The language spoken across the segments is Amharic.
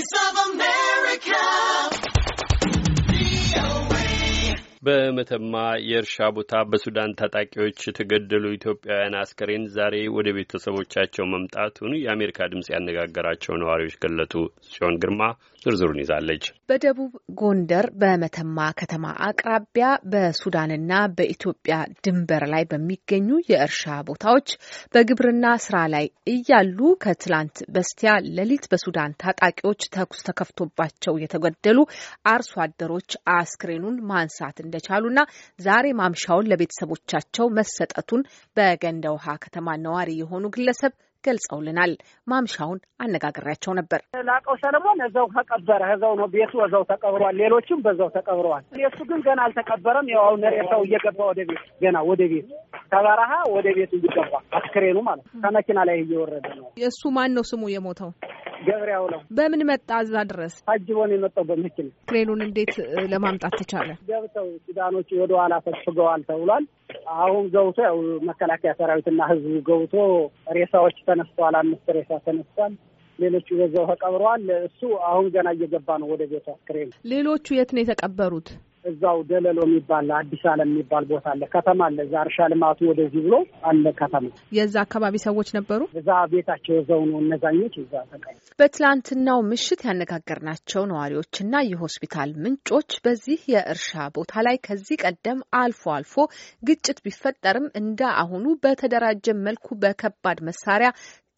Voice of America. በመተማ የእርሻ ቦታ በሱዳን ታጣቂዎች የተገደሉ ኢትዮጵያውያን አስከሬን ዛሬ ወደ ቤተሰቦቻቸው መምጣቱን የአሜሪካ ድምፅ ያነጋገራቸው ነዋሪዎች ገለጡ። ጽዮን ግርማ ዝርዝሩን ይዛለች። በደቡብ ጎንደር በመተማ ከተማ አቅራቢያ በሱዳንና በኢትዮጵያ ድንበር ላይ በሚገኙ የእርሻ ቦታዎች በግብርና ስራ ላይ እያሉ ከትላንት በስቲያ ሌሊት በሱዳን ታጣቂዎች ተኩስ ተከፍቶባቸው የተገደሉ አርሶ አደሮች አስክሬኑን ማንሳት እንደቻሉና ዛሬ ማምሻውን ለቤተሰቦቻቸው መሰጠቱን በገንደ ውሃ ከተማ ነዋሪ የሆኑ ግለሰብ ገልጸውልናል። ማምሻውን አነጋግሬያቸው ነበር። ላቀው ሰለሞን እዛው ተቀበረ። እዛው ነው ቤቱ፣ እዛው ተቀብሯል። ሌሎችም በዛው ተቀብረዋል። የሱ ግን ገና አልተቀበረም። ያው አሁን ሬሳው እየገባ ወደ ቤት ገና ወደ ቤት ከበረሀ ወደ ቤት እየገባ አስክሬኑ ማለት ከመኪና ላይ እየወረደ ነው። የእሱ ማን ነው ስሙ የሞተው? ገብሪያው ነው። በምን መጣ እዛ ድረስ? አጅቦን የመጣው በመኪና። አስክሬኑን እንዴት ለማምጣት ተቻለ? ገብተው ሱዳኖች ወደ ኋላ ፈግፍገዋል ተብሏል። አሁን ገብቶ ያው መከላከያ ሰራዊትና ህዝቡ ገብቶ ሬሳዎች ተነስተዋል። አምስት ሬሳ ተነስቷል። ሌሎቹ በዛው ተቀብረዋል። እሱ አሁን ገና እየገባ ነው ወደ ቤቱ አስክሬን። ሌሎቹ የት ነው የተቀበሩት? እዛው ደለሎ የሚባል አዲስ ዓለም የሚባል ቦታ አለ፣ ከተማ አለ። እዛ እርሻ ልማቱ ወደዚህ ብሎ አለ ከተማ። የዛ አካባቢ ሰዎች ነበሩ። እዛ ቤታቸው እዛው ነው። እነዛኞች እዛ ተቀ በትላንትናው ምሽት ያነጋገርናቸው ነዋሪዎችና የሆስፒታል ምንጮች በዚህ የእርሻ ቦታ ላይ ከዚህ ቀደም አልፎ አልፎ ግጭት ቢፈጠርም እንደ አሁኑ በተደራጀ መልኩ በከባድ መሳሪያ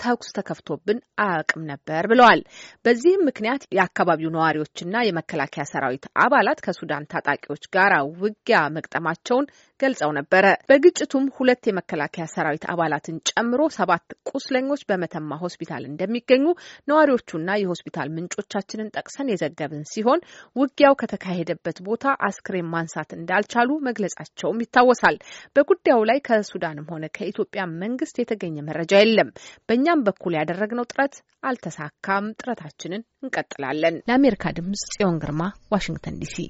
ተኩስ ተከፍቶብን አያውቅም ነበር ብለዋል። በዚህም ምክንያት የአካባቢው ነዋሪዎችና የመከላከያ ሰራዊት አባላት ከሱዳን ታጣቂዎች ጋር ውጊያ መግጠማቸውን ገልጸው ነበረ። በግጭቱም ሁለት የመከላከያ ሰራዊት አባላትን ጨምሮ ሰባት ቁስለኞች በመተማ ሆስፒታል እንደሚገኙ ነዋሪዎቹና የሆስፒታል ምንጮቻችንን ጠቅሰን የዘገብን ሲሆን ውጊያው ከተካሄደበት ቦታ አስክሬን ማንሳት እንዳልቻሉ መግለጻቸውም ይታወሳል። በጉዳዩ ላይ ከሱዳንም ሆነ ከኢትዮጵያ መንግስት የተገኘ መረጃ የለም። በእኛ በእኛም በኩል ያደረግነው ጥረት አልተሳካም። ጥረታችንን እንቀጥላለን። ለአሜሪካ ድምጽ ጽዮን ግርማ ዋሽንግተን ዲሲ